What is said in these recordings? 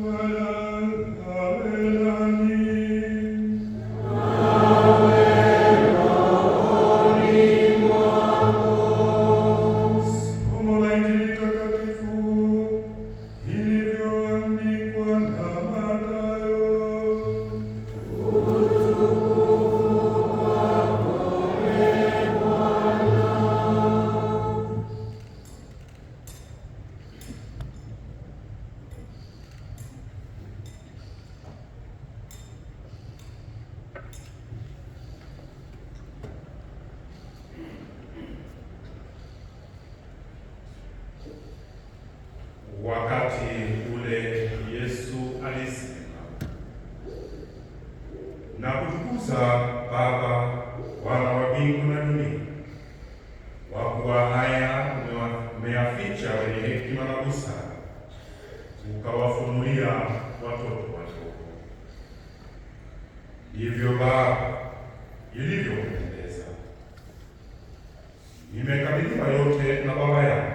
Well, Wakati ule Yesu alisema, kutukuza Baba, Bwana wa mbingu na dunia, kwa kuwa haya umeyaficha wenye hekima na busara, ukawafunulia watoto wadogo. Ndivyo Baba ilivyopendeza. Nimekabidhiwa yote na Baba yangu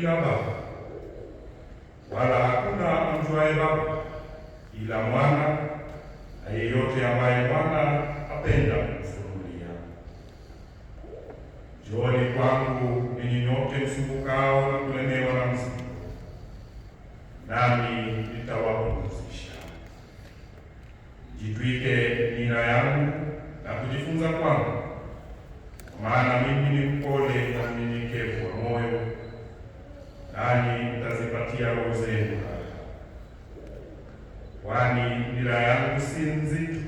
ila Baba, wala hakuna amjuaye Baba ila Mwana, na yeyote ambaye Mwana apenda kumfunulia. Njooni kwangu ninyi nyote msumbukao na kulemewa na mzigo, nami nitawapumzisha. Jitwike nira yangu na kujifunza kwangu, maana mimi ni mpole na kwani nira yangu si nzito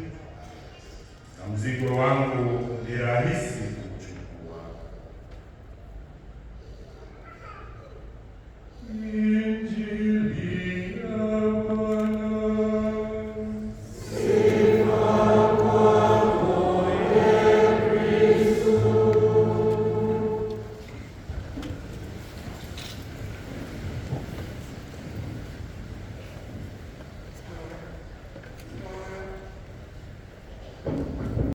na mzigo wangu ni rahisi.